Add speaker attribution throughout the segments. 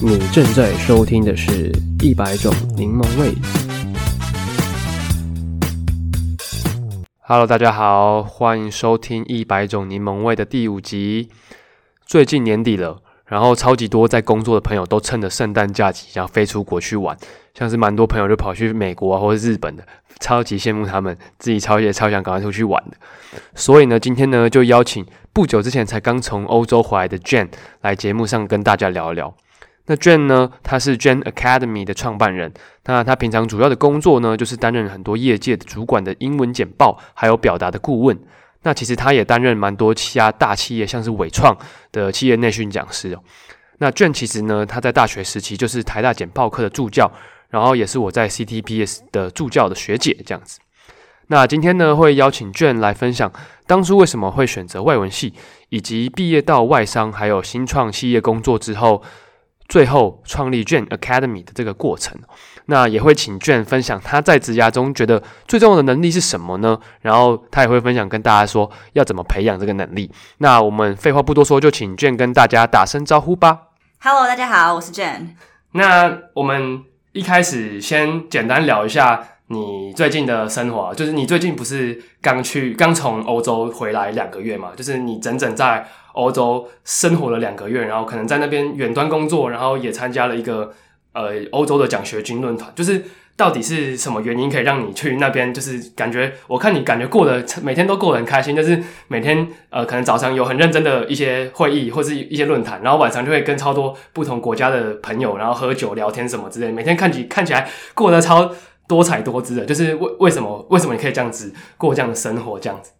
Speaker 1: 你正在收聽的是一百種檸檬味。Hello，大家好，歡迎收聽《一百種檸檬味》的第五集。最近年底了，然後超級多在工作的朋友都趁着聖誕假期想飛出國去玩，像是蠻多朋友就跑去美國啊或者日本的，超級羨慕他們，自己超級也超想趕快出去玩的。所以呢，今天呢就邀請不久之前才剛從歐洲回來的 Jen 來節目上跟大家聊一聊。那 Jen 呢，他是 Jen Academy 的創辦人。那他平常主要的工作呢，就是擔任很多業界的主管的英文簡報，還有表達的顧問。那其實他也擔任蠻多其他大企業，像是偉創的企業內訓講師哦。那 Jen 其實呢，他在大學時期就是台大簡報課的助教，然後也是我在 CTPS 的助教的學姐這樣子。那今天呢，會邀請 Jen 來分享當初為什麼會選擇外文系，以及畢業到外商還有新創企業工作之後。最後創立 Jen Academy 的這個過程，那也會請 Jen 分享他在職涯中覺得最重要的能力是什麼呢？然後他也會分享跟大家說要怎麼培養這個能力。那我們廢話不多說，就請 Jen 跟大家打聲招呼吧。
Speaker 2: Hello，大家好，我是 Jen。
Speaker 1: 那我們一開始先簡單聊一下你最近的生活，就是你最近不是剛去剛從歐洲回來兩個月嘛？就是你整整在。歐洲生活了兩個月，然後可能在那邊遠端工作，然後也參加了一個呃歐洲的獎學金論壇。就是到底是什麼原因可以讓你去那邊？就是感覺我看你感覺過得每天都過得很開心，就是每天呃可能早上有很認真的一些會議或是一些論壇，然後晚上就會跟超多不同國家的朋友然後喝酒聊天什麼之類。每天看起看起來過得超多彩多姿的，就是為為什麼為什麼你可以這樣子過這樣的生活這樣子？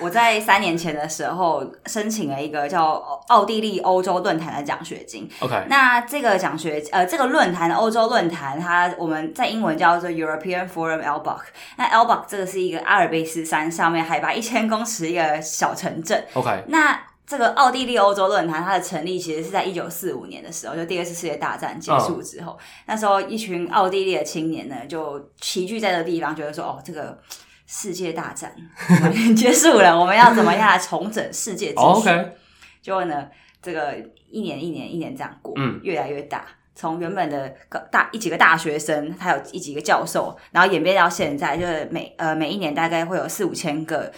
Speaker 2: 我在三年前的時候申請了一個叫奧地利歐洲論壇的獎學金。OK，那這個獎學呃，這個論壇歐洲論壇它我們在英文叫做 European Forum e l b a c h 那 e l b a c h 這個是一個阿爾卑斯山上面海拔一千公尺一個小城鎮。OK，那這個奧地利歐洲論壇它的成立其實是在一九四五年的時候，就第二次世界大戰結束之後，uh. 那時候一群奧地利的青年呢就齊聚在這個地方，覺得說哦這個。世界大戰結束了，我們要怎麼樣來重整世界秩序、 oh,？OK，結果呢，這個一年一年一年這樣過，嗯、越來越大。從原本的大一幾個大學生，還有一幾個教授，然後演變到現在，就是每呃每一年大概會有四五千個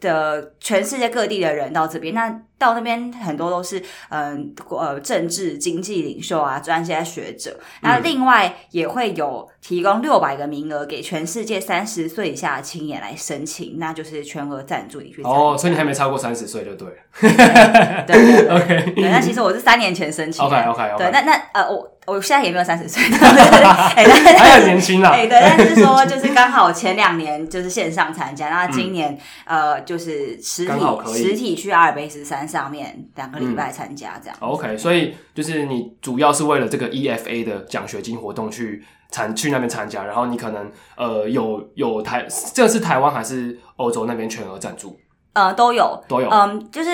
Speaker 2: 的全世界各地的人到這邊那。到那邊很多都是嗯呃政治經濟領袖啊，專家學者、嗯。那另外也會有提供六百個名額給全世界三十歲以下的青年來申請，那就是全額贊助你去哦，所以你還
Speaker 1: 沒超過三十歲就對，對。對、對、對，OK。對，那其實我
Speaker 2: 是三年前申請。OK OK OK。對，那那呃我。我現在也沒有三十歲，對哈對還很年輕呢，對對，但是說就是剛好前兩年就是線上參加，然 後今年、嗯、呃就是實體實體去阿爾卑斯山上面兩個禮拜參加這樣、嗯。OK，
Speaker 1: 所以就是你主要是為了這個 EFA 的獎學金活動去參去那邊參加，然後你可能呃有有台這是台灣還是歐洲那邊全額贊助？
Speaker 2: 呃，都有，都有，嗯、呃，就是。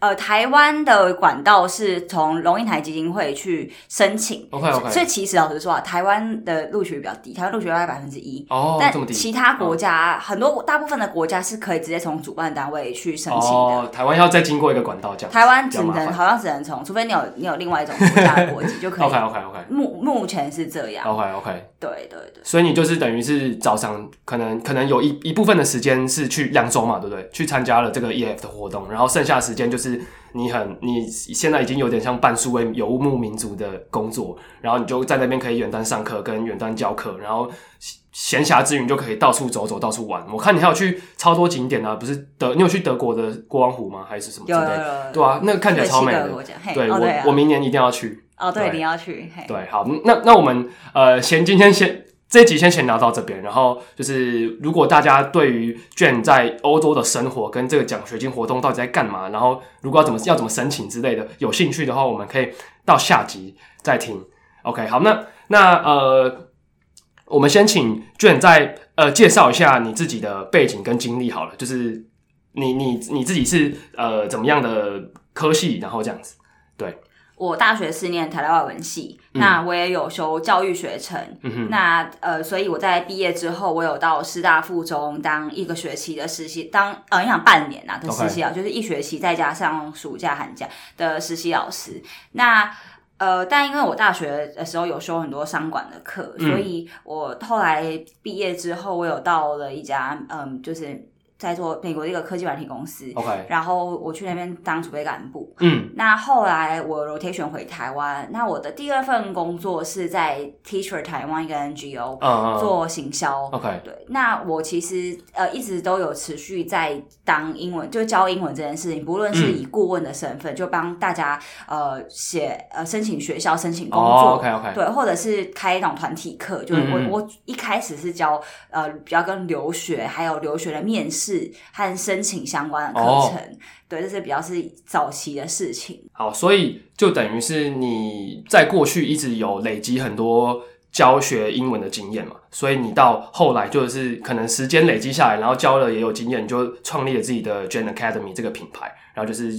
Speaker 2: 呃，台灣的管道是從龍應台基金會去申請，OK OK。所以其實老實說啊，台灣的錄取率比較低，台灣錄取率大概百分之一。哦，
Speaker 1: 但其他
Speaker 2: 國家、哦、很多，大部分的國家是可以直接從主辦單位去申請的。
Speaker 1: 哦、台灣要再經過一個管道，這樣。台灣只能
Speaker 2: 好像只能從，除非你有你有另外一種國
Speaker 1: 家的國籍， 就可以。OK OK OK。
Speaker 2: 目目前是這樣。OK OK。對對對。
Speaker 1: 所以你就是等於是早上可能可能有一一部分的時間是去兩周嘛，對不對？去參加了這個 EF 的活動，然後剩下的時間就是。 就是、你很，你現在已經有點像半數位游牧民族的工作，然後你就在那邊可以遠端上課，跟遠端教課，然後閒暇之餘你就可以到處走走，到處玩。我看你還有去超多景點啊，不是德，你有去德國的國王湖嗎？還是什麼之類的？對啊，那個看起來超美的。對，哦對啊、我我明年一定要去。
Speaker 2: 哦，對，一定要去。對，
Speaker 1: 好，那那我們呃，先今天先。這一集先先聊到這邊，然後就是如果大家對於 Jen 在歐洲的生活跟這個獎學金活動到底在幹嘛，然後如果要怎麼要怎麼申請之類的，有興趣的話，我們可以到下集再聽。OK，好，那那呃，我們先請 Jen 在呃介紹一下你自己的背景跟經歷好了，就是你你你自己是呃怎麼樣的科系，然後這樣子，對。
Speaker 2: 我大學四年台大外文系，嗯，那我也有修教育學程，嗯、那呃，所以我在畢業之後，我有到師大附中當一個學期的實習，當呃你想半年啊的實習啊，Okay. 就是一學期再加上暑假寒假的實習老師。那呃，但因為我大學的時候有修很多商管的課，嗯，所以我後來畢業之後，我有到了一家嗯、呃，就是。在做美國的一個科技軟體公司，okay. 然後我去那邊當儲備幹部。嗯，那後來我 rotation 回台灣。那我的第二份工作是在 Teacher 台灣一個 NGO，uh-huh. 做行銷。OK，對。那我其實呃一直都有持續在當英文，就教英文這件事情，不論是以顧問的身份，嗯、就幫大家呃寫呃申請學校、申請工作。Oh, OK，OK、okay, okay. 對，或者是開一種團體課，就是我、嗯嗯、我一開始是教呃比較跟留學還有留學的面試。是和申請相關的課程，哦，對，這些比較是早期的事情。
Speaker 1: 好，所以就等於是你在過去一直有累積很多教學英文的經驗嘛，所以你到後來就是可能時間累積下來，然後教了也有經驗，你就創立了自己的 Jen Academy 這個品牌，然後就是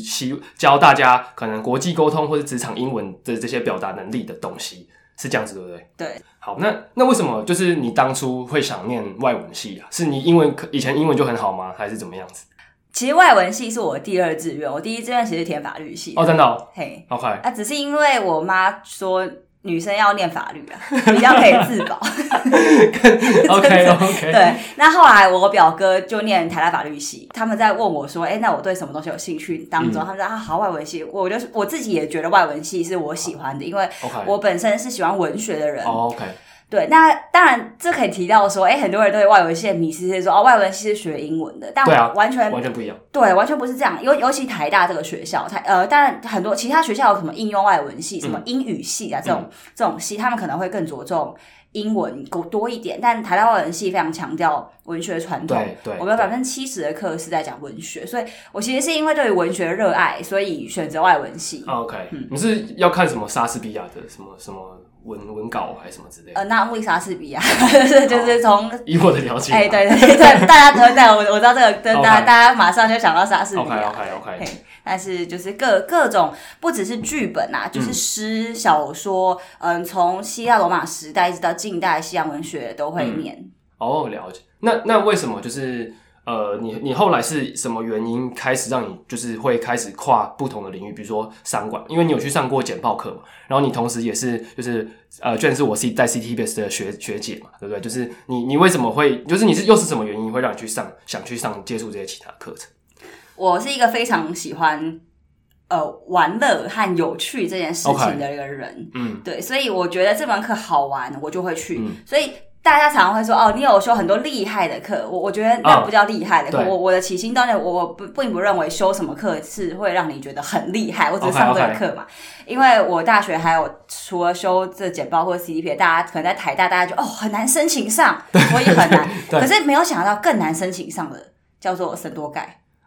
Speaker 1: 教大家可能國際溝通或是職場英文的這些表達能力的東西。是這樣子，對不對？對，好，那那為什麼就是你當初會想念外文系啊？是你英文以前英文就很好嗎？還是怎麼樣子？
Speaker 2: 其實外文系是我第二志願，我第一志願其實是填法律系哦。真的哦？嘿，OK，啊，只是因為我媽說。女生要念法律啊，比較可以自保。 OK OK。對，那後來我表哥就念台大法律系，他們在問我說：“欸，那我對什麼東西有興趣？”當中，嗯，他們說：“啊，好，外文系。”我就是我自己也覺得外文系是我喜歡的，因為我本身是喜歡文學的人。OK。Oh, okay. 對，那當然，這可以提到說，哎、欸，很多人對外文系的迷思，說，哦，外文系是學英文的，但我完全、啊、完全不一樣，對，完全不是這樣。尤尤其台大這個學校，台呃，當然很多其他學校有什麼應用外文系、嗯、什麼英語系啊，這種、嗯、這種系，他們可能會更着重英文多一點。但台大外文系非常強調文學傳統，對，對我們百分之七十的課是在講文學，所以我其實是因為對於文學熱愛，所以選擇外文系。啊、OK，、
Speaker 1: 嗯、你是要看什麼莎士比亞的什麼什麼？什麼文文稿還是什麼之
Speaker 2: 類呃，那為啥是莎士比亞就是從以我的了解，哎、欸，對對對，對對 大家等等，我，我知道這個，大家、okay. 大家馬上就想到莎士比亞，OK OK OK。但是就是各各種，不只是劇本啊就是詩、嗯、小說，嗯、呃，從希臘羅馬時代一直到近代西洋文學都會念。
Speaker 1: 嗯、哦，了解。那那為什麼就是？呃，你你後來是什麼原因開始讓你就是會開始跨不同的領域，比如說商管，因為你有去上過簡報課嘛，然後你同時也是就是呃，居然是我 C 在 CTBS 的學學姐嘛，對不對？就是你你為什麼會就是你是又是什麼原因會讓你去上想去上接觸這些其他課程？
Speaker 2: 我是一個非常喜歡呃玩樂和有趣這件事情的一個人，Okay. 嗯，對，所以我覺得這門課好玩，我就會去，嗯，所以。大家常常會說哦，你有修很多厲害的課，我我覺得那不叫厲害的課。哦、我我的起心當然我我不並不，不認為修什麼課是會讓你覺得很厲害，我只是上這個課嘛。Okay, okay. 因為我大學還有除了修這簡報或 CDP，大家可能在台大大家就哦很難申請上，我也很難。 可是沒有想到更難申請上的叫做神多蓋。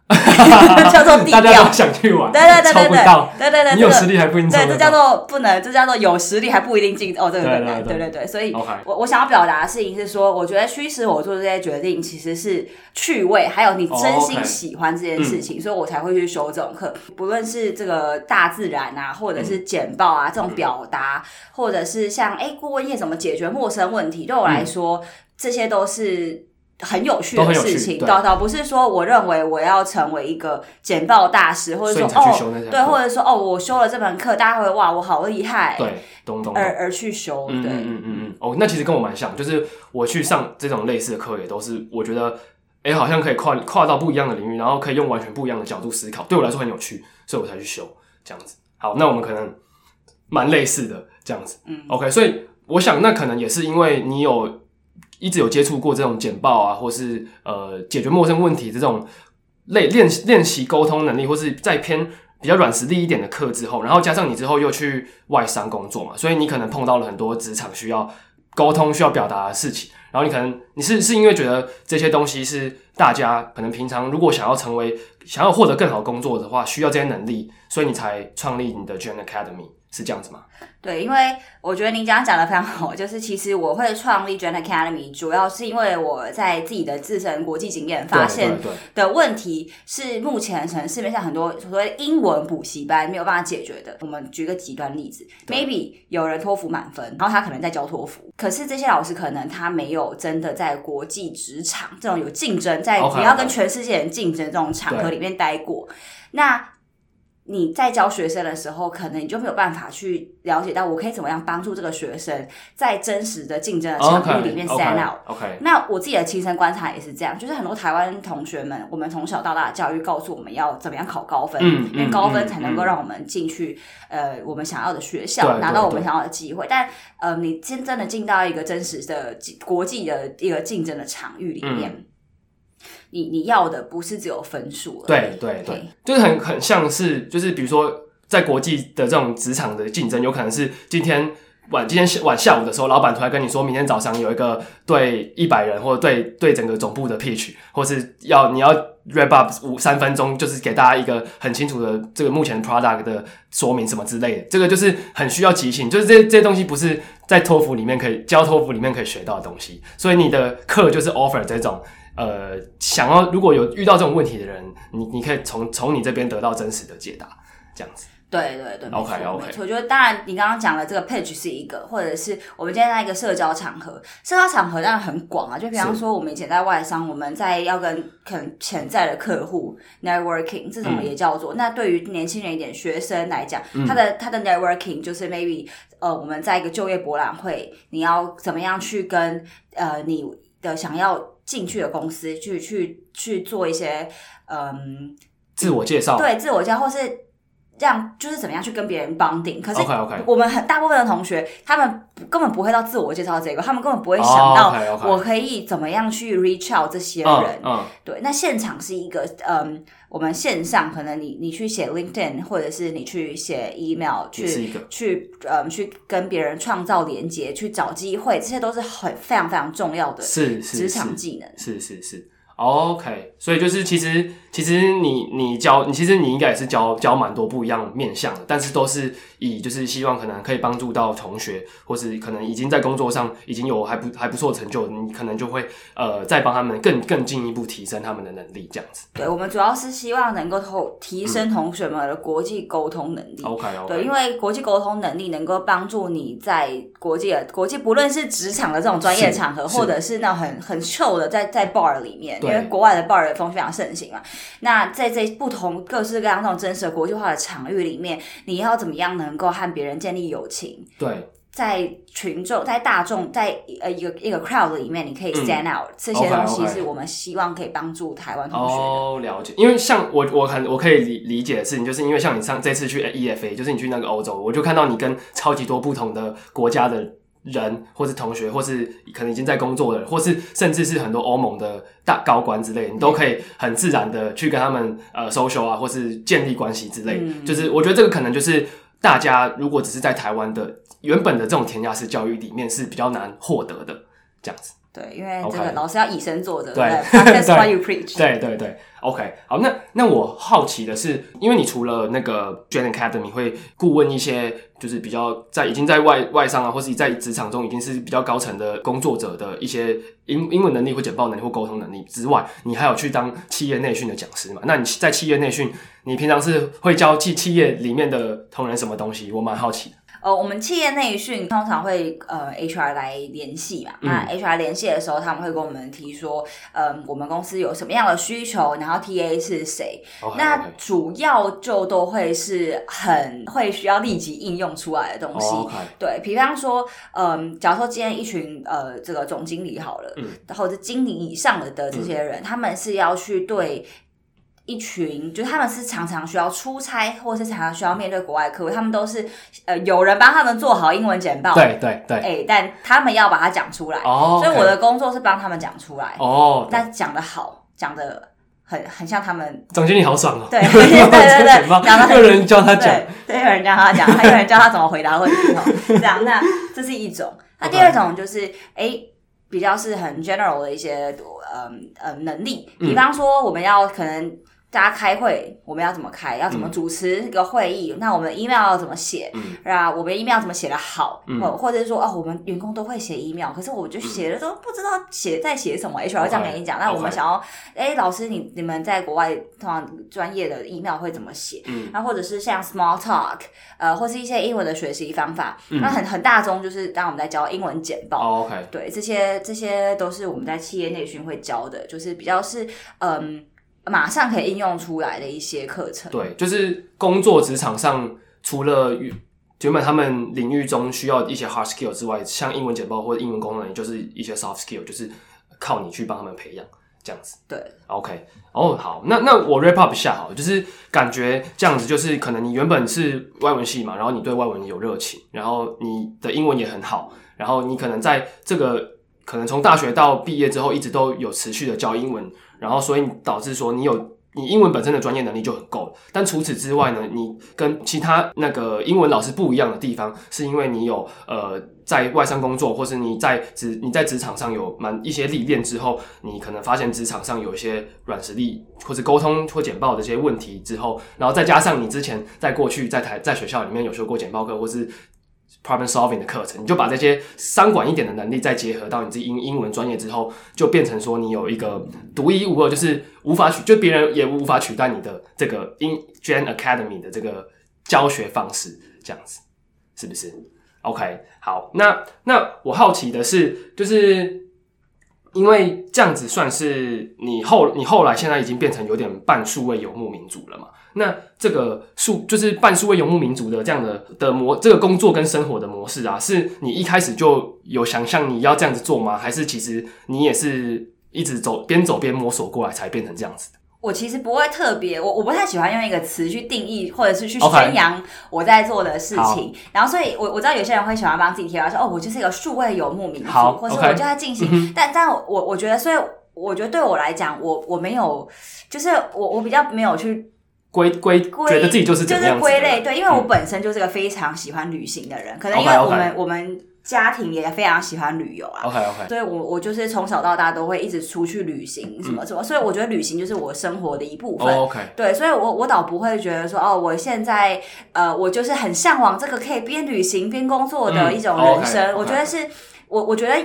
Speaker 1: 叫做地 大家都想去玩，對對對對對，對對，對對對，你有實力還不一定對這叫做
Speaker 2: 不能，這叫做有實力還不一定進哦。對對對對對對，所以我我想要表達的事情是說，我覺得驅使我做這些決定其實是趣味，還有你真心喜歡這件事情，oh, okay. 所以我才會去修這種課。不論是這個大自然啊，或者是簡報啊、嗯、這種表達、嗯，或者是像哎顧問業怎麼解決陌生問題，對我來說，嗯、這些都是。很有趣的事情，倒倒不是說我認為我要成為一個簡報大師，或者說哦，對，或者說哦，我修了這門課，大家會哇，我好厲害，對，
Speaker 1: 咚咚咚而
Speaker 2: 而去修，
Speaker 1: 嗯、對。嗯嗯嗯嗯，哦、嗯，oh, 那其實跟我蠻像，就是我去上這種類似的課，也都是我覺得哎，好像可以跨跨到不一樣的領域，然後可以用完全不一樣的角度思考，對我來說很有趣，所以我才去修這樣子。好，那我們可能蠻類似的這樣子，嗯，OK，所以我想那可能也是因為你有。一直有接觸過這種簡報啊，或是呃解決陌生問題這種類練習練習溝通能力，或是再偏比較軟實力一點的課之後，然後加上你之後又去外商工作嘛，所以你可能碰到了很多職場需要溝通、需要表達的事情，然後你可能你是是因為覺得這些東西是大家可能平常如果想要成為想要獲得更好工作的話，需要這些能力，所以你才創立你的 Jen Academy。是
Speaker 2: 這樣子嗎？對，因為我覺得您剛剛講的非常好，就是其實我會創立 Jen Academy，主要是因為我在自己的自身國際經驗發現的問題，是目前可能市面上很多所謂英文補習班沒有辦法解決的。我們舉個極端例子，maybe 有人托福滿分，然後他可能在教托福，可是這些老師可能他沒有真的在國際職場這種有競爭，在你要跟全世界人競爭這種場合裡面待過，那。你在教學生的時候，可能你就沒有辦法去了解到，我可以怎麼樣幫助這個學生在真實的競爭的場域裡面 stand out。Okay, okay, okay. 那我自己的親身觀察也是這樣，就是很多台灣同學們，我們從小到大的教育告訴我們要怎麼樣考高分，嗯、因為高分才能夠讓我們進去、嗯、呃我們想要的學校，拿到我們想要的機會。對對對。但、呃，你真正的進到一個真實的國際的一個競爭的場域裡面。嗯你你要的不是只有分數，對
Speaker 1: 對對，對，就是很很像是，就是比如說在國際的這種職場的競爭，有可能是今天晚今天下晚下午的時候，老闆突然跟你說明天早上有一個對一百人或者對對整個總部的 pitch，或是要你要 wrap up 五三分鐘，就是給大家一個很清楚的這個目前 product 的說明什麼之類的，這個就是很需要即興，就是這這些東西不是在托福裡面可以教托福裡面可以學到的東西，所以你的課就是 offer 這種。呃，想要如果有遇到這種問題的人，你你可以從從你這邊得到真實的解答，這樣子。
Speaker 2: 對對對，OK OK。我覺得當然，你剛剛講的這個 pitch 是一個，或者是我們今天在一個社交場合，社交場合當然很廣啊。就比方說，我們以前在外商，我們在要跟可能潛在的客戶 Networking，這種也叫做。嗯、那對於年輕人一點學生來講，他的、嗯、他的 Networking 就是 maybe 呃，我們在一個就業博覽會，你要怎麼樣去跟呃你的想要。進去的公司去去去做一些嗯，
Speaker 1: 自我介紹，對，
Speaker 2: 自我介紹或是。這樣就是怎麼樣去跟別人 bonding？可是我們很大部分的同學，他們根本不會到自我介紹這個，他們根本不會想到我可以怎麼樣去 reach out 這些人。Oh, okay, okay. Oh, oh. 對，那現場是一個，嗯，我們線上可能你你去寫 LinkedIn，或者是你去寫 email，去去嗯去跟別人創造連接，去找機會，這些都是很非常非常重要的，是職場技能，
Speaker 1: 是是是、是、是、是，OK。所以就是其實。其實你你教你其實你應該也是教教蠻多不一樣面向的，但是都是以就是希望可能可以幫助到同學，或是可能已經在工作上已經有還不還不錯成就，你可能就會呃再幫他們更更進一步提升他們的能力這樣子對。
Speaker 2: 對，我們主要是希望能夠提提升同學們的國際溝通能力。嗯、OK OK。對，因為國際溝通能力能夠幫助你在國際國際不論是職場的這種專業場合，或者是那很很臭的在在 bar 裡面，因為國外的 bar 的風非常盛行嘛、啊。那在這不同各式各樣那種真實的國際化的場域裡面，你要怎麼樣能夠和別人建立友情？對，在群眾、在大眾、在呃一個一個 crowd 裡面，你可以 stand out、嗯。這些東西是我們希望可以幫助台灣同學的。
Speaker 1: Okay, okay. Oh, 了解，因為像我，我很我可以理理解的事情，就是因為像你上這次去 EFA，就是你去那個歐洲，我就看到你跟超級多不同的國家的。人，或是同學，或是可能已經在工作了，或是甚至是很多歐盟的大高官之類，你都可以很自然的去跟他們呃 social 啊，或是建立關係之類。就是我覺得這個可能就是大家如果只是在台灣的原本的這種填鴨式教育裡面是比較難獲得的。這
Speaker 2: 樣子，對，因為這個老師要以
Speaker 1: 身作則、okay.，對，that's why you preach。對對對，OK，好，那那我好奇的是，因為你除了那個 Jen Academy 會顧問一些，就是比較在已經在外外商啊，或是在職場中已經是比較高層的工作者的一些英英文能力或簡報能力或溝通能力之外，你還有去當企業內訓的講師嘛？那你在企業內訓，你平常是會教企企業裡面的同仁什麼東西？我蠻好奇的。
Speaker 2: 呃、哦，我們企業內訓通常會呃，HR 來聯繫嘛、嗯。那 HR 聯繫的時候，他們會跟我們提說，嗯、呃，我們公司有什麼樣的需求，然後 TA 是誰。Okay, okay. 那主要就都會是很會需要立即應用出來的東西。嗯 oh, okay. 對，比方說，嗯、呃，假如說今天一群呃，這個總經理好了，嗯，或者經理以上的的這些人、嗯，他們是要去對。一群就是、他們是常常需要出差，或是常常需要面對國外客戶，他們都是呃有人幫他們做好英文簡報，對對對，哎、欸，但他們要把它講出來哦，Oh, okay. 所以我的工作是幫他們講出來哦。Oh. 但講得好，講得很很像、oh. 得得很，很像他們。總經理好爽啊、喔、對對 對對對，講 有人教他講，對有人教他講， 還有人教他怎麼回答問題 這樣，那這是一種。那第二種就是哎、Okay. 欸，比較是很 general 的一些呃呃能力、嗯，比方說我們要可能。大家開會，我們要怎麼開？要怎麼主持一個會議？嗯、那我們的 email 要怎麼寫？嗯，啊，我們 email 怎麼寫得好？嗯，或者是說，哦，我們員工都會寫 email，可是我就寫的都不知道寫在寫什麼。H、嗯、R 這樣給你講，okay, 那我們想要，哎、okay. 欸，老師，你你們在國外通常專業的 email 會怎麼寫？嗯，那或者是像 small talk，呃，或是一些英文的學習方法。嗯、那很很大宗就是當然我們在教英文簡報。Oh, OK，對，這些這些都是我們在企業內訓會教的，就是比較是嗯。馬上可以應用出來的一些課程。對，
Speaker 1: 就是工作職場上，除了原本他們領域中需要一些 hard skill 之外，像英文簡報或者英文功能，就是一些 soft skill，就是靠你去幫他們培養，這樣子。對，OK，哦，好，那那我 wrap up 下好了，就是感覺這樣子，就是可能你原本是外文系嘛，然後你對外文有熱情，然後你的英文也很好，然後你可能在這個。可能從大學到畢業之後，一直都有持續的教英文，然後所以導致說你有你英文本身的專業能力就很夠。但除此之外呢，你跟其他那個英文老師不一樣的地方，是因為你有呃在外商工作，或是你在職你在職場上有蠻一些歷練之後，你可能發現職場上有一些軟實力或是溝通或簡報的一些問題之後，然後再加上你之前在過去在台在學校裡面有修過簡報課，或是。Problem solving 的課程，你就把這些商管一點的能力再結合到你自己英英文專業之後，就變成說你有一個獨一無二，就是無法取，就別人也無法取代你的這個英 Jen Academy 的這個教學方式，這樣子是不是？OK，好，那那我好奇的是，就是因為這樣子算是你後你後來現在已經變成有點半數位游牧民族了嘛？那這個數就是半數位游牧民族的這樣的的模，這個工作跟生活的模式啊，是你一開始就有想象你要這樣子做嗎？還是其實你也是一直走邊走邊摸索過來才變成這樣子的？
Speaker 2: 我其實不會特別，我我不太喜歡用一個詞去定義或者是去宣揚我在做的事情。Okay. 然後，所以我我知道有些人會喜歡幫自己貼標籤，說哦，我就是一個數位游牧民族，或是我就在進行。Okay. 但但我我覺得，所以我覺得對我來講，我我沒有，就是我我比較沒有去。
Speaker 1: 歸歸覺得自己就是這樣，就是歸類
Speaker 2: 對，因為我本身就是個非常喜歡旅行的人，嗯、可能因為我們 okay, okay. 我們家庭也非常喜歡旅遊啊。OK OK，所以我，我我就是從小到大都會一直出去旅行什麼什麼，嗯，所以我覺得旅行就是我生活的一部分。Oh, OK。對，所以我，我我倒不會覺得說，哦，我現在呃，我就是很向往這個可以邊旅行邊工作的一種人生。嗯、okay, okay. 我覺得是我我覺得。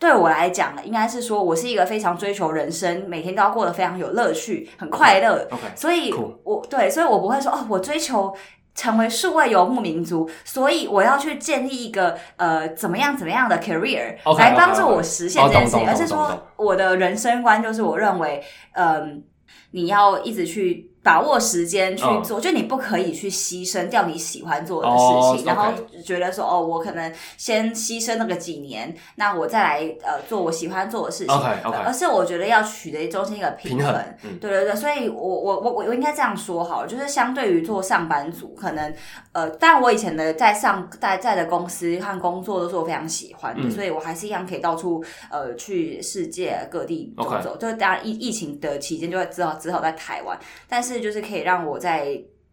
Speaker 2: 對我來講呢，應該是說我是一個非常追求人生，每天都要過得非常有樂趣、很快樂。Okay. Okay. 所以我，我、cool. 對，所以我不會說哦，我追求成為數位遊牧民族，所以我要去建立一個呃怎麼樣怎麼樣的 career、okay. 來幫助我實現這件事情，而、okay. okay. 是說我的人生觀就是我認為，嗯、呃，你要一直去。把握時間去做，oh. 就你不可以去犧牲掉你喜歡做的事情，oh, okay. 然後覺得說哦，我可能先犧牲那個幾年，那我再來呃做我喜歡做的事情。OK OK，而是我覺得要取得中間一個平衡。平衡嗯、對對對，所以我我我我我應該這樣說好了，就是相對於做上班族，可能呃，但我以前的在上在在的公司和工作都是我非常喜歡的、嗯，所以我還是一樣可以到處呃去世界各地走走，okay. 就是當然疫疫情的期間就會只好只好在台灣，但是。就是可以讓我在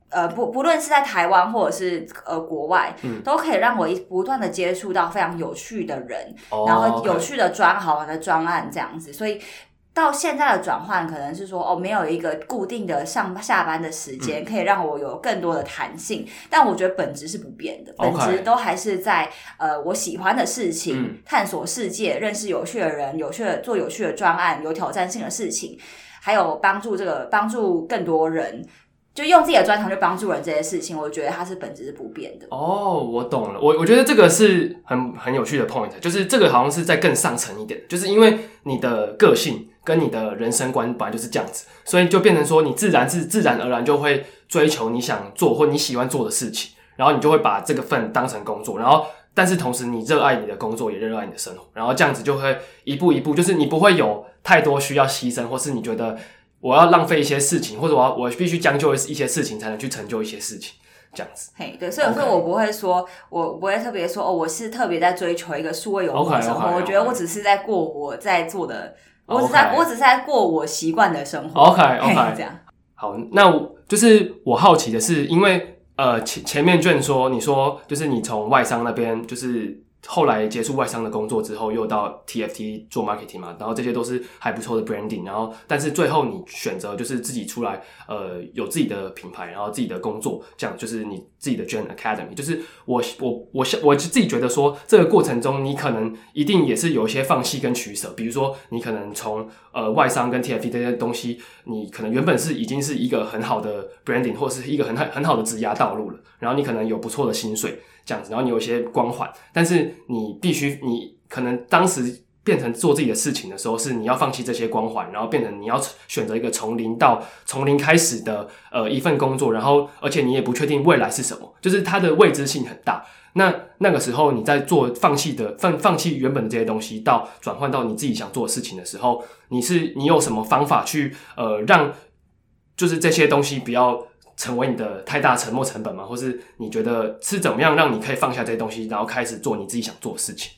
Speaker 2: 呃不不論是在台灣或者是呃國外、嗯，都可以讓我一不斷的接觸到非常有趣的人，哦、然後有趣的專、okay. 好玩的專案這樣子。所以到現在的轉換，可能是說哦沒有一個固定的上下班的時間，可以讓我有更多的彈性、嗯。但我覺得本質是不變的，okay. 本質都還是在呃我喜歡的事情、嗯，探索世界，認識有趣的人，有趣的做有趣的專案，有挑戰性的事情。還有幫助這個幫助更多人，就用自己的專長去幫助人這些事情，我覺得它是本質是不變的。
Speaker 1: 哦，oh，我懂了。我我覺得這個是很很有趣的 point，就是這個好像是在更上層一點，就是因為你的個性跟你的人生觀本來就是這樣子，所以就變成說你自然是自然而然就會追求你想做或你喜歡做的事情，然後你就會把這個份當成工作，然後但是同時你熱愛你的工作也熱愛你的生活，然後這樣子就會一步一步，就是你不會有。太多需要犧牲，或是你覺得我要浪費一些事情，或者我要我必須將就一些事情才能去成就一些事情，這樣子。
Speaker 2: 嘿、hey，對，所以我說、okay. 我不會說，我不會特別說，哦，我是特別在追求一個數位永生的生活。Okay, okay, okay, okay. 我覺得我只是在過我在做的，okay. 我只是在，我只是在過我習慣的生活。OK OK，這樣。
Speaker 1: 好，那我就是我好奇的是，因為呃前前面 Jen 說你說就是你從外商那邊就是。後來結束外商的工作之後，又到 TFT 做 marketing 嘛，然後這些都是還不錯的 branding。然後，但是最後你選擇就是自己出來，呃，有自己的品牌，然後自己的工作，這樣就是你自己的 Jen Academy。就是我，我，我，我，自己覺得說，這個過程中你可能一定也是有一些放棄跟取舍。比如說，你可能從呃外商跟 TFT 這些東西，你可能原本是已經是一個很好的 branding，或是一個很很好的職業道路了，然後你可能有不錯的薪水。這樣子，然後你有一些光環，但是你必須，你可能當時變成做自己的事情的時候，是你要放棄這些光環，然後變成你要選擇一個從零到從零開始的呃一份工作，然後而且你也不確定未來是什麼，就是它的未知性很大。那那個時候你在做放棄的放放棄原本的這些東西到，到轉換到你自己想做的事情的時候，你是你有什麼方法去呃讓就是這些東西比較。成為你的太大沉沒成本嗎？或是你覺得是怎麼樣讓你可以放下這些東西，然後開始做你自己想做的事情？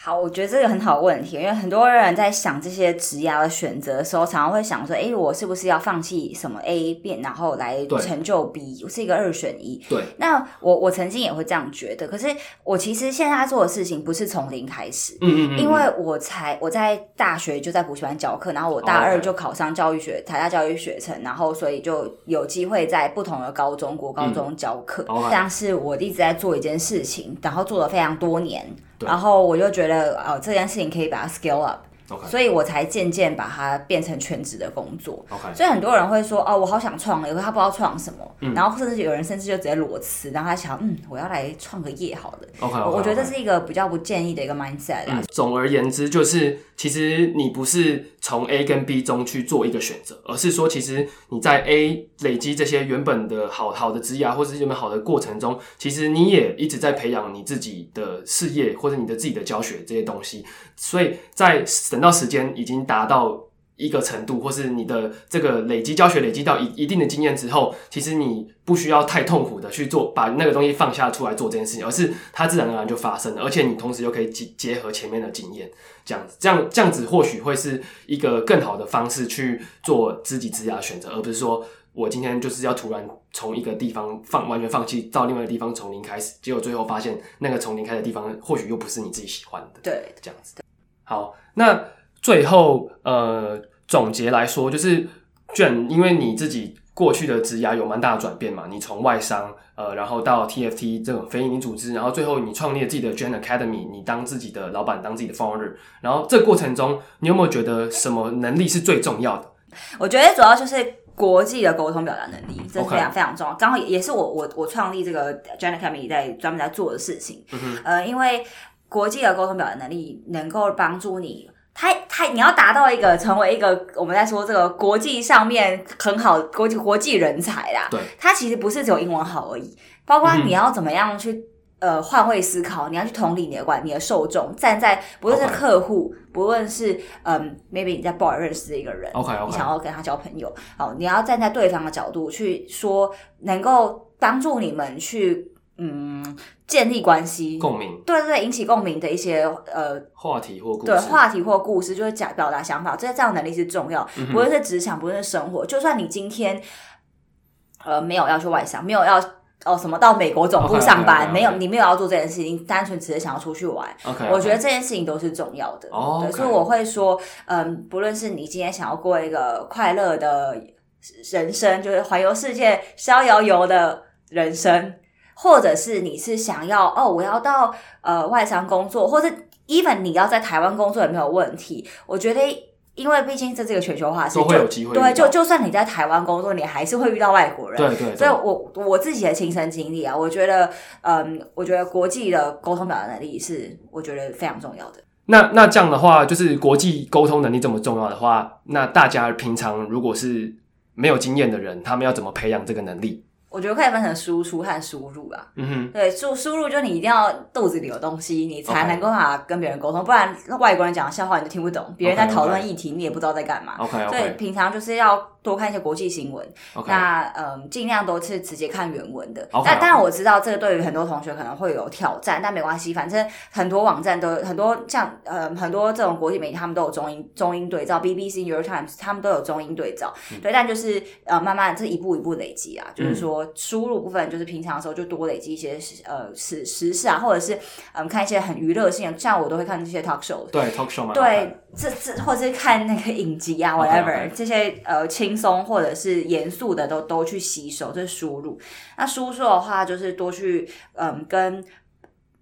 Speaker 2: 好，我覺得這個很好問題，因為很多人在想這些職涯的選擇的時候，常常會想說：“哎，我是不是要放棄什麼 A 變，然後來成就 B，我是一個二選一。”對。那我我曾經也會這樣覺得，可是我其實現在做的事情不是從零開始，嗯嗯嗯，因為我才我在大學就在補習班教課，然後我大二就考上教育學，okay. 台大教育學程，然後所以就有機會在不同的高中、國高中教課，像、嗯 okay. 是我一直在做一件事情，然後做了非常多年。對，然後我就覺得，呃、哦，這件事情可以把它 scale up，、okay. 所以我才漸漸把它變成全職的工作。Okay. 所以很多人會說，哦，我好想創業，有他不知道創什麼、嗯。然後甚至有人甚至就直接裸辭，然後他想，嗯，我要來創個業好了。Okay, okay, okay, okay. 我覺得這是一個比較不建議的一個 mindset、啊嗯。
Speaker 1: 總而言之，就是其實你不是。從 A 跟 B 中去做一個選擇，而是說，其實你在 A 累積這些原本的好好的職業啊，或者是原本好的過程中，其實你也一直在培養你自己的事業或者你的自己的教學這些東西，所以在等到時間已經達到。一個程度，或是你的這個累積教學累積到一一定的經驗之後，其實你不需要太痛苦的去做，把那個東西放下出來做這件事情，而是它自然而然就發生了。而且你同時又可以結結合前面的經驗，這樣子，這樣這樣子或許會是一個更好的方式去做知己知彼的選擇，而不是說我今天就是要突然從一個地方放完全放棄，到另外一個的地方從零開始，結果最後發現那個從零開的地方或許又不是你自己喜歡的。對，對對這樣子的。好，那。最後，呃，總結來說，就是 Jen，因為你自己過去的職涯有蠻大的轉變嘛，你從外商，呃，然後到 TFT 這種非營利組織，然後最後你創立了自己的 Jen Academy，你當自己的老闆，當自己的 founder，然後這過程中，你有沒有覺得什麼能力是最重要的？
Speaker 2: 我覺得主要就是國際的溝通表達能力，這非常非常重要，剛、okay. 好，也也是我我我創立這個 Jen Academy 在專門在做的事情，嗯、哼呃，因為國際的溝通表達能力能夠幫助你。他他，你要達到一個成為一個，我們在說這個國際上面很好國際國際人才啦。對，他其實不是只有英文好而已，包括你要怎麼樣去、嗯、呃換位思考，你要去同理你的觀你的受眾，站在不論是客戶，okay. 不論是嗯、呃、，maybe 你在 bar 認識的一個人 o、okay, okay. 你想要跟他交朋友，哦、呃，你要站在對方的角度去說，能夠幫助你們去。嗯，建立關係共鳴，對，對對，引起共鳴的一些呃
Speaker 1: 話題或故事對，話題
Speaker 2: 或故事，就是講表達想法，這些這樣能力是重要，不論是職場，不論是生活、嗯，就算你今天呃沒有要去外商，沒有要哦、呃、什麼到美國總部上班，okay, okay, okay, okay. 沒有，你沒有要做這件事情，你單純只是想要出去玩 okay，OK，我覺得這件事情都是重要的。所、okay, 以、okay. 我會說，嗯、呃，不論是你今天想要過一個快樂的人生，就是環遊世界逍遙遊的人生。或者是你是想要哦，我要到呃外商工作，或者 even 你要在台灣工作也沒有問題。我覺得，因為畢竟在這個全球化是，都會有機會。對，就就算你在台灣工作，你還是會遇到外國人。對對、對。所以我我自己的親身經歷啊，我覺得，嗯，我覺得國際的溝通表達能力是我覺得非常重要的。
Speaker 1: 那那這樣的話，就是國際溝通能力這麼重要的話，那大家平常如果是沒有經驗的人，他們要怎麼培養這個能力？
Speaker 2: 我覺得可以分成輸出和輸入啊。嗯哼，對，輸輸入就你一定要肚子裡有東西，你才能夠啊跟別人溝通，Okay. 不然外國人講的笑話你就聽不懂，別人在討論議題你也不知道在幹嘛。Okay, okay. 所以對，平常就是要。多看一些國際新聞，okay. 那嗯，盡量都是直接看原文的。Okay. 但但我知道，這個對於很多同學可能會有挑戰，okay. 但沒關係，反正很多網站都很多像，像、嗯、呃很多這種國際媒體，他們都有中英中英對照，BBC、New York Times 他們都有中英對照。嗯、對，但就是呃，慢慢這、就是、一步一步累積啊、嗯，就是說輸入部分，就是平常的時候就多累積一些時呃時時事啊，或者是嗯看一些很娛樂性，像我都會看這些 talk show，對 talk show 嘛，對，這、okay. 這或者是看那個影集啊，whatever okay, okay. 這些呃輕。鬆或者是嚴肅的都都去吸收，這是輸入。那輸出的話，就是多去嗯，跟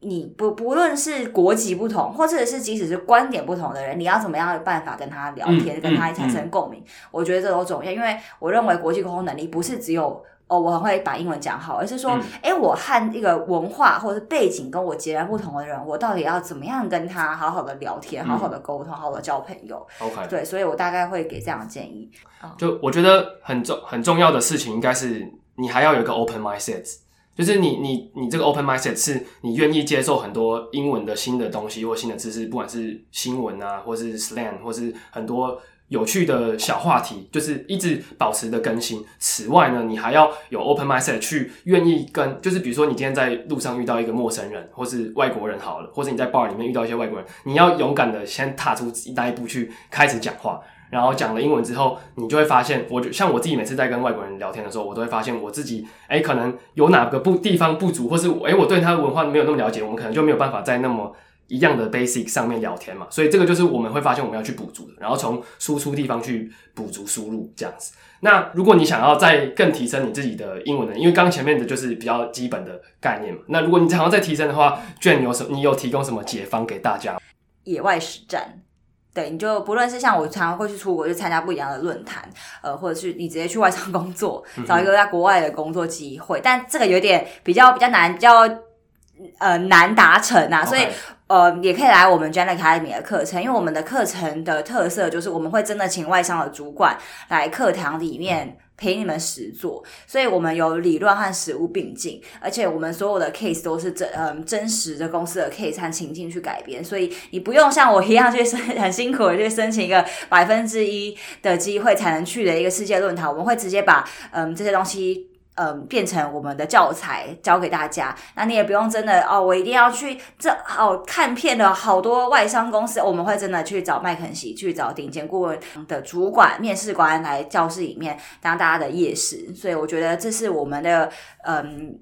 Speaker 2: 你不不論是國籍不同，或者是即使是觀點不同的人，你要怎麼樣有辦法跟他聊天，跟他產生共鳴、嗯嗯嗯？我覺得這都重要，因為我認為國際溝通能力不是只有。哦、oh, 我很會把英文講好，而是說，誒、嗯欸、我和一個文化或者是背景跟我截然不同的人，我到底要怎麼樣跟他好好的聊天，好好的溝通、嗯，好好的交朋友？OK，對，所以我大概會給這樣的建議。Oh.
Speaker 1: 就我覺得很重很重要的事情，應該是你還要有一個 open mindset，就是你你你這個 open mindset 是你願意接受很多英文的新的東西或新的知識，不管是新聞啊，或是 slang，或是很多。有趣的小話題，就是一直保持的更新。此外呢，你還要有 open mindset，去願意跟，就是比如說你今天在路上遇到一個陌生人，或是外國人好了，或者你在 bar 裡面遇到一些外國人，你要勇敢的先踏出一大一步去開始講話。然後講了英文之後，你就會發現，我就像我自己每次在跟外國人聊天的時候，我都會發現我自己，哎、欸，可能有哪個不地方不足，或是我，欸，我對他的文化沒有那麼了解，我們可能就沒有辦法再那麼。一樣的 basic 上面聊天嘛，所以這個就是我們會發現我們要去補足的，然後從輸出地方去補足輸入這樣子。那如果你想要再更提升你自己的英文呢？因為剛前面的就是比較基本的概念嘛。那如果你想要再提升的話，卷有什？你有提供什麼解方給大家？
Speaker 2: 野外實戰，對，你就不論是像我常常會去出國去參加不一樣的論壇，呃，或者是你直接去外商工作，找一個在國外的工作機會，但這個有點比較比較難，比較。呃，難達成啊，Okay. 所以呃，也可以來我們 Jen Academy 的課程，因為我們的課程的特色就是我們會真的請外商的主管來課堂裡面陪你們實做，所以我們有理論和實務並進，而且我們所有的 case 都是真嗯、呃、真實的公司的 case 和情境去改編，所以你不用像我一樣去申很辛苦的去申請一個百分之一的機會才能去的一個世界論壇，我們會直接把嗯、呃、這些東西。嗯，變成我們的教材教給大家。那你也不用真的哦，我一定要去這哦，看遍了好多外商公司，我們會真的去找麥肯錫，去找頂尖顧問的主管面試官來教室裡面當大家的業師。所以我覺得這是我們的嗯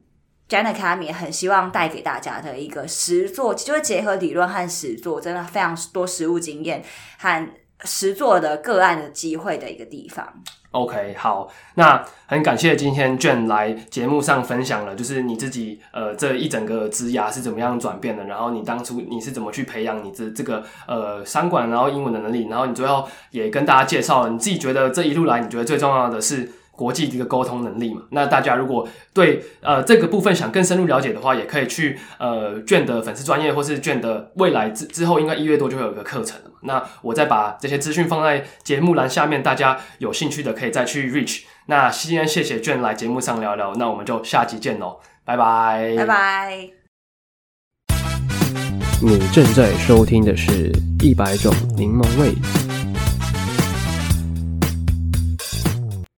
Speaker 2: ，Jen Academy 很希望帶給大家的一個實作，就是結合理論和實作，真的非常多實務經驗和。實作的個案的機會的一個地方。
Speaker 1: OK，好，那很感謝今天 Jen 來節目上分享了，就是你自己呃這一整個職涯是怎麼樣轉變的，然後你當初你是怎麼去培養你這這個呃商管然後英文的能力，然後你最後也跟大家介紹了，你自己覺得這一路來你覺得最重要的是。國際一個溝通能力嘛，那大家如果對呃這個部分想更深入了解的話，也可以去呃 Jen 的粉絲專頁，或是 Jen 的未來之之後，應該一月多就會有一個課程了嘛，那我再把這些資訊放在節目欄下面，大家有興趣的可以再去 reach。那先謝謝 Jen 來節目上聊聊，那我們就下集見嘍，拜拜拜拜。你正在收聽的是一百種檸檬味。